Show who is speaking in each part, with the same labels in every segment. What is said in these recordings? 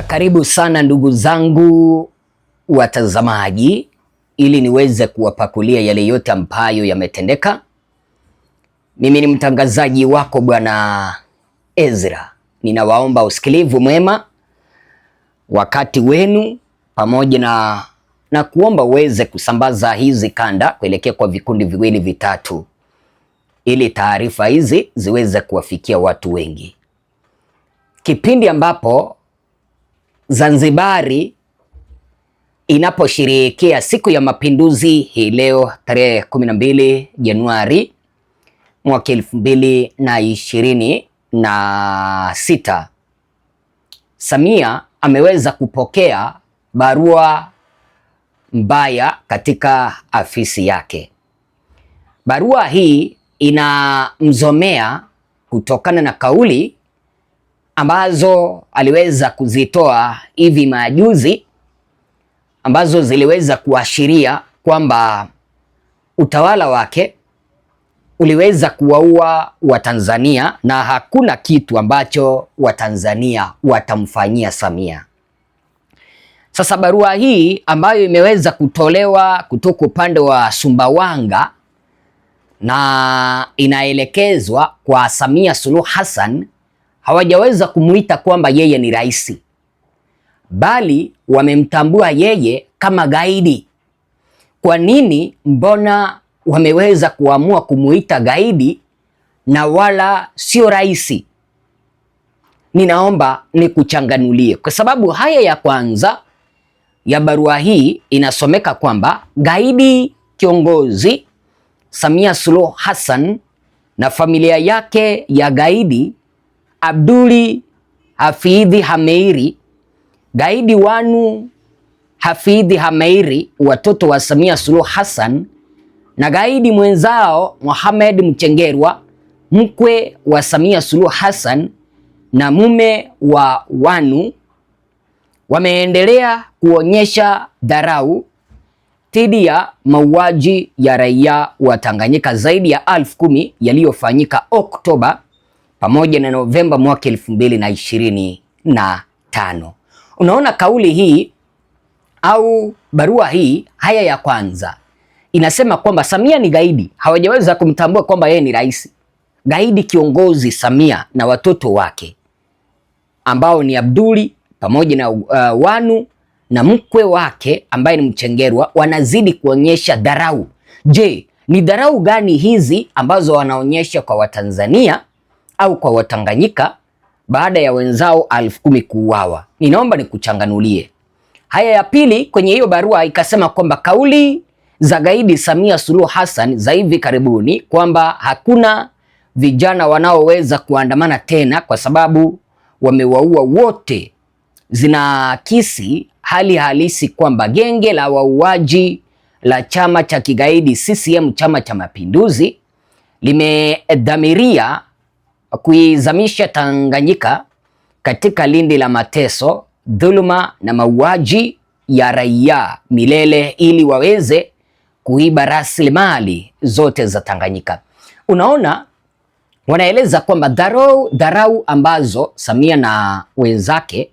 Speaker 1: Ah, karibu sana ndugu zangu watazamaji, ili niweze kuwapakulia yale yote ambayo yametendeka. Mimi ni mtangazaji wako bwana Ezra, ninawaomba usikilivu mwema wakati wenu, pamoja na na kuomba uweze kusambaza hizi kanda kuelekea kwa vikundi viwili vitatu, ili taarifa hizi ziweze kuwafikia watu wengi, kipindi ambapo Zanzibari inaposherehekea siku ya mapinduzi hii leo tarehe 12 Januari mwaka elfu mbili na ishirini na sita, Samia ameweza kupokea barua mbaya katika afisi yake. Barua hii inamzomea kutokana na kauli ambazo aliweza kuzitoa hivi majuzi ambazo ziliweza kuashiria kwamba utawala wake uliweza kuwaua Watanzania na hakuna kitu ambacho Watanzania watamfanyia Samia. Sasa barua hii ambayo imeweza kutolewa kutoka upande wa Sumbawanga na inaelekezwa kwa Samia Suluhu Hassan hawajaweza kumuita kwamba yeye ni rais, bali wamemtambua yeye kama gaidi. Kwa nini? Mbona wameweza kuamua kumuita gaidi na wala sio rais? Ninaomba nikuchanganulie, kwa sababu haya ya kwanza ya barua hii inasomeka kwamba gaidi kiongozi Samia Suluhu Hassan na familia yake ya gaidi Abduli Hafidhi Hameiri, gaidi wanu Hafidhi Hameiri, watoto wa Samia Suluhu Hassan na gaidi mwenzao Mohamed Mchengerwa, mkwe wa Samia Suluhu Hassan na mume wa wanu wameendelea kuonyesha dharau dhidi ya mauaji ya raia wa Tanganyika zaidi ya elfu kumi yaliyofanyika Oktoba pamoja na Novemba mwaka elfu mbili na ishirini na tano. Unaona kauli hii au barua hii, haya ya kwanza inasema kwamba Samia ni gaidi, hawajaweza kumtambua kwamba yeye ni rais gaidi. Kiongozi Samia na watoto wake ambao ni Abduli pamoja na uh, Wanu na mkwe wake ambaye ni Mchengerwa wanazidi kuonyesha dharau. Je, ni dharau gani hizi ambazo wanaonyesha kwa Watanzania au kwa Watanganyika baada ya wenzao elfu kumi kuuawa. Ninaomba nikuchanganulie haya ya pili. Kwenye hiyo barua ikasema kwamba kauli za gaidi Samia Suluhu Hassan za hivi karibuni kwamba hakuna vijana wanaoweza kuandamana tena kwa sababu wamewaua wote, zinaakisi hali halisi kwamba genge la wauaji la chama cha kigaidi CCM, Chama cha Mapinduzi limedhamiria kuizamisha Tanganyika katika lindi la mateso, dhuluma na mauaji ya raia milele ili waweze kuiba rasilimali zote za Tanganyika. Unaona, wanaeleza kwamba dharau, dharau ambazo Samia na wenzake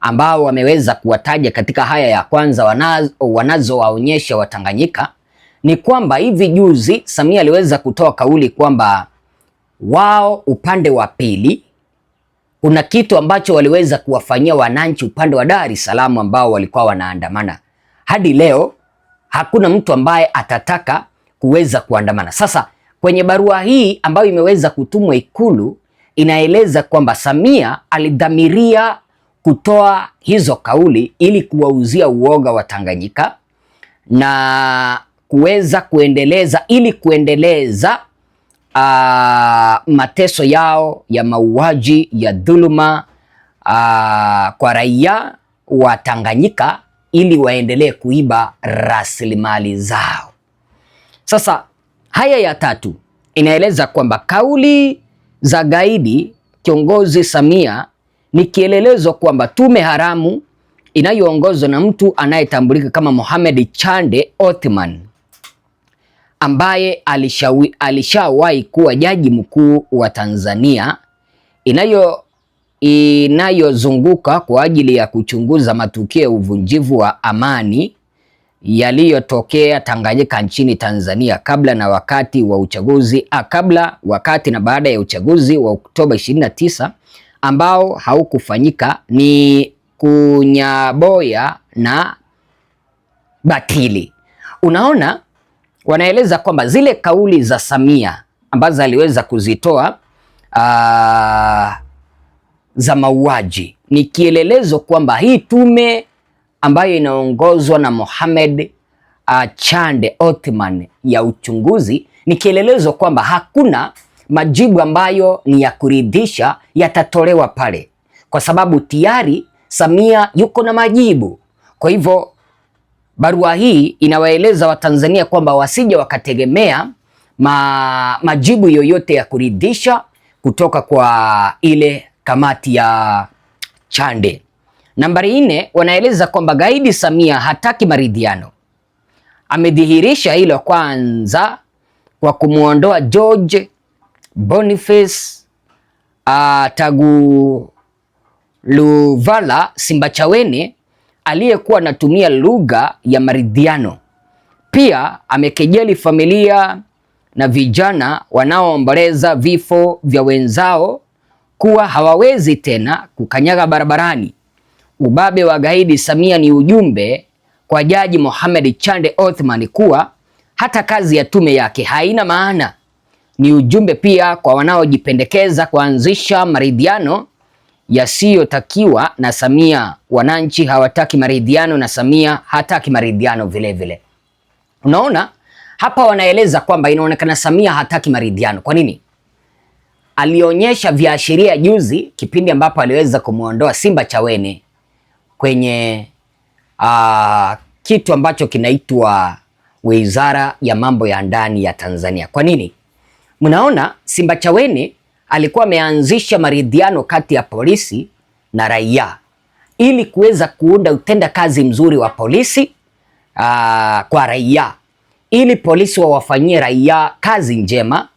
Speaker 1: ambao wameweza kuwataja katika haya ya kwanza wanazo wanazowaonyesha Watanganyika ni kwamba hivi juzi Samia aliweza kutoa kauli kwamba wao upande wa pili kuna kitu ambacho waliweza kuwafanyia wananchi upande wa Dar es Salaam ambao walikuwa wanaandamana. Hadi leo hakuna mtu ambaye atataka kuweza kuandamana. Sasa kwenye barua hii ambayo imeweza kutumwa Ikulu inaeleza kwamba Samia alidhamiria kutoa hizo kauli ili kuwauzia uoga wa Tanganyika na kuweza kuendeleza ili kuendeleza Ah, mateso yao ya mauaji ya dhuluma ah, kwa raia wa Tanganyika ili waendelee kuiba rasilimali zao. Sasa haya ya tatu inaeleza kwamba kauli za gaidi kiongozi Samia ni kielelezo kwamba tume haramu inayoongozwa na mtu anayetambulika kama Mohamed Chande Othman ambaye alishawahi kuwa jaji mkuu wa Tanzania inayo inayozunguka kwa ajili ya kuchunguza matukio ya uvunjivu wa amani yaliyotokea Tanganyika nchini Tanzania kabla na wakati wa uchaguzi a, ah, kabla wakati na baada ya uchaguzi wa Oktoba 29 ambao haukufanyika ni Kunyaboya na Batili. Unaona wanaeleza kwamba zile kauli za Samia ambazo aliweza kuzitoa ah, za mauaji ni kielelezo kwamba hii tume ambayo inaongozwa na Mohamed ah, Chande Othman ya uchunguzi ni kielelezo kwamba hakuna majibu ambayo ni ya kuridhisha yatatolewa pale, kwa sababu tayari Samia yuko na majibu. Kwa hivyo Barua hii inawaeleza Watanzania kwamba wasije wakategemea ma, majibu yoyote ya kuridhisha kutoka kwa ile kamati ya Chande. Nambari nne, wanaeleza kwamba gaidi Samia hataki maridhiano. Amedhihirisha hilo kwanza kwa kumwondoa George Boniface uh, ah, Tagu Luvala Simbachaweni aliyekuwa anatumia lugha ya maridhiano. Pia amekejeli familia na vijana wanaoomboleza vifo vya wenzao kuwa hawawezi tena kukanyaga barabarani. Ubabe wa gaidi Samia ni ujumbe kwa Jaji Mohamed Chande Othman kuwa hata kazi ya tume yake haina maana. Ni ujumbe pia kwa wanaojipendekeza kuanzisha maridhiano yasiyotakiwa na Samia. Wananchi hawataki maridhiano na Samia hataki maridhiano vilevile. Unaona hapa wanaeleza kwamba inaonekana Samia hataki maridhiano. Kwa nini? Alionyesha viashiria juzi, kipindi ambapo aliweza kumwondoa Simba Chawene kwenye uh, kitu ambacho kinaitwa Wizara ya Mambo ya Ndani ya Tanzania. Kwa nini? Mnaona Simba Chawene alikuwa ameanzisha maridhiano kati ya polisi na raia ili kuweza kuunda utenda kazi mzuri wa polisi aa, ah, kwa raia ili polisi wawafanyie raia kazi njema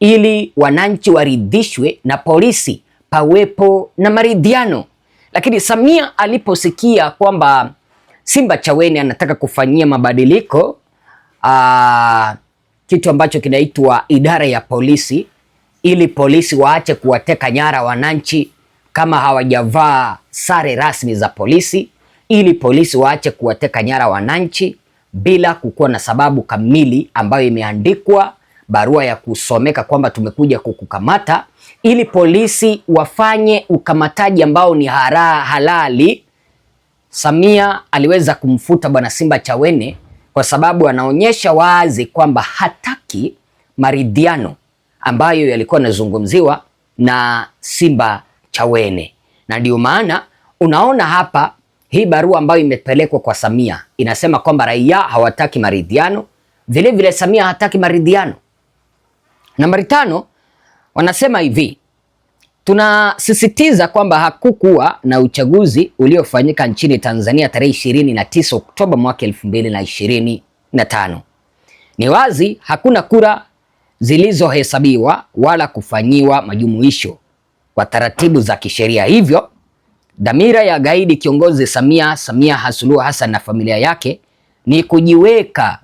Speaker 1: ili wananchi waridhishwe na polisi, pawepo na maridhiano. Lakini Samia aliposikia kwamba Simba Chaweni anataka kufanyia mabadiliko aa, ah, kitu ambacho kinaitwa idara ya polisi ili polisi waache kuwateka nyara wananchi kama hawajavaa sare rasmi za polisi, ili polisi waache kuwateka nyara wananchi bila kukuwa na sababu kamili ambayo imeandikwa barua ya kusomeka kwamba tumekuja kukukamata, ili polisi wafanye ukamataji ambao ni hara halali. Samia aliweza kumfuta bwana Simba Chawene kwa sababu anaonyesha wazi kwamba hataki maridhiano ambayo yalikuwa yanazungumziwa na Simba Chawene, na ndio maana unaona hapa hii barua ambayo imepelekwa kwa Samia inasema kwamba raia hawataki maridhiano, vile vile Samia hataki maridhiano. Nambari tano, wanasema hivi tunasisitiza kwamba hakukuwa na uchaguzi uliofanyika nchini Tanzania tarehe 29 Oktoba mwaka 2025. Ni wazi hakuna kura zilizohesabiwa wala kufanyiwa majumuisho kwa taratibu za kisheria. Hivyo dhamira ya gaidi kiongozi Samia Samia Suluhu Hassan na familia yake ni kujiweka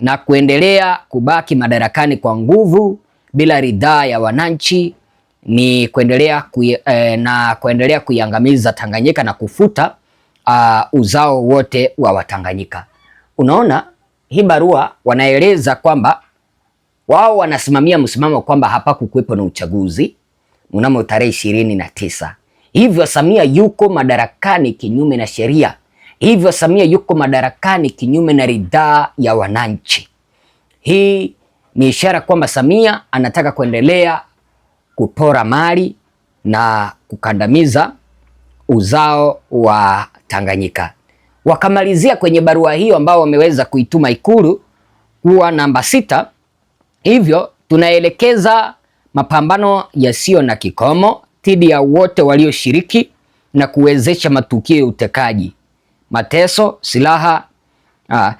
Speaker 1: na kuendelea kubaki madarakani kwa nguvu bila ridhaa ya wananchi, ni kuendelea kui, e, na kuendelea kuiangamiza Tanganyika na kufuta a, ah, uzao wote wa Watanganyika. Unaona hii barua wanaeleza kwamba wao wanasimamia msimamo kwamba hapakukuwepo na uchaguzi mnamo tarehe ishirini na tisa. Hivyo Samia yuko madarakani kinyume na sheria. Hivyo Samia yuko madarakani kinyume na ridhaa ya wananchi. Hii ni ishara kwamba Samia anataka kuendelea kupora mali na kukandamiza uzao wa Tanganyika. Wakamalizia kwenye barua hiyo ambao wameweza kuituma Ikulu kuwa namba sita Hivyo tunaelekeza mapambano yasiyo na kikomo dhidi ya wote walioshiriki na kuwezesha matukio ya utekaji, mateso, silaha, uh,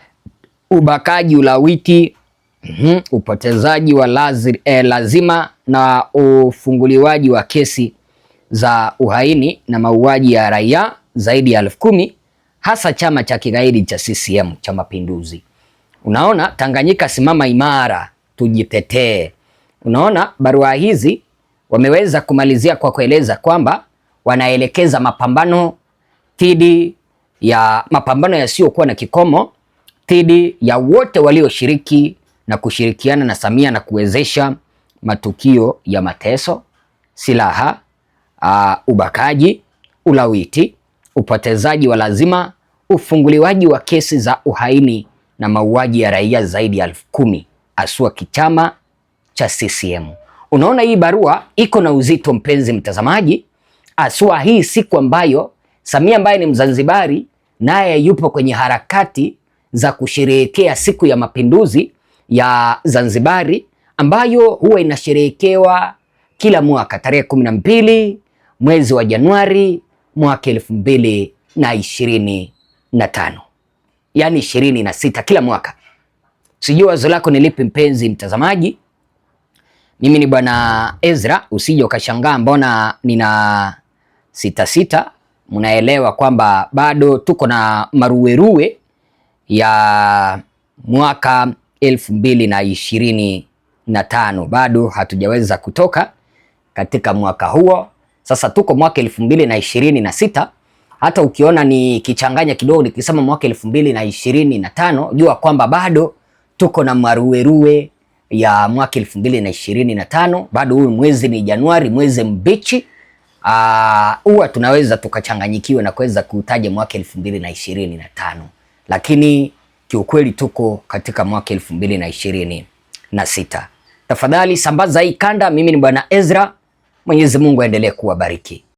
Speaker 1: ubakaji, ulawiti, uhum, upotezaji wa lazir, eh, lazima na ufunguliwaji wa kesi za uhaini na mauaji ya raia zaidi ya elfu kumi hasa chama cha kigaidi cha CCM cha Mapinduzi. Unaona, Tanganyika simama imara tujitetee. Unaona, barua hizi wameweza kumalizia kwa kueleza kwamba wanaelekeza mapambano dhidi ya mapambano yasiyokuwa na kikomo dhidi ya wote walioshiriki na kushirikiana na Samia na kuwezesha matukio ya mateso, silaha, uh, ubakaji, ulawiti, upotezaji wa lazima, ufunguliwaji wa kesi za uhaini na mauaji ya raia zaidi ya elfu kumi asua kichama cha CCM. Unaona hii barua iko na uzito, mpenzi mtazamaji, asua hii siku ambayo Samia ambaye ni Mzanzibari naye yupo kwenye harakati za kusherehekea siku ya mapinduzi ya Zanzibari ambayo huwa inasherehekewa kila mwaka tarehe kumi na mbili mwezi wa Januari mwaka elfu mbili na ishirini na tano yaani ishirini na sita kila mwaka. Sijui wazo lako ni lipi mpenzi mtazamaji. Mimi ni bwana Ezra, usije ukashangaa mbona nina sita sita. Mnaelewa kwamba bado tuko na maruweruwe ya mwaka elfu mbili na ishirini na tano, bado hatujaweza kutoka katika mwaka huo. Sasa tuko mwaka elfu mbili na ishirini na sita. Hata ukiona ni kichanganya kidogo nikisema mwaka elfu mbili na ishirini na tano, jua kwamba bado tuko na maruerue ya mwaka elfu mbili na ishirini na tano. Bado huyu mwezi ni Januari, mwezi mbichi ah, huwa tunaweza tukachanganyikiwa na kuweza kutaja mwaka elfu mbili na ishirini na tano, lakini kiukweli tuko katika mwaka elfu mbili na ishirini na sita. Tafadhali sambaza hii kanda. Mimi ni Bwana Ezra. Mwenyezi Mungu aendelee kuwabariki.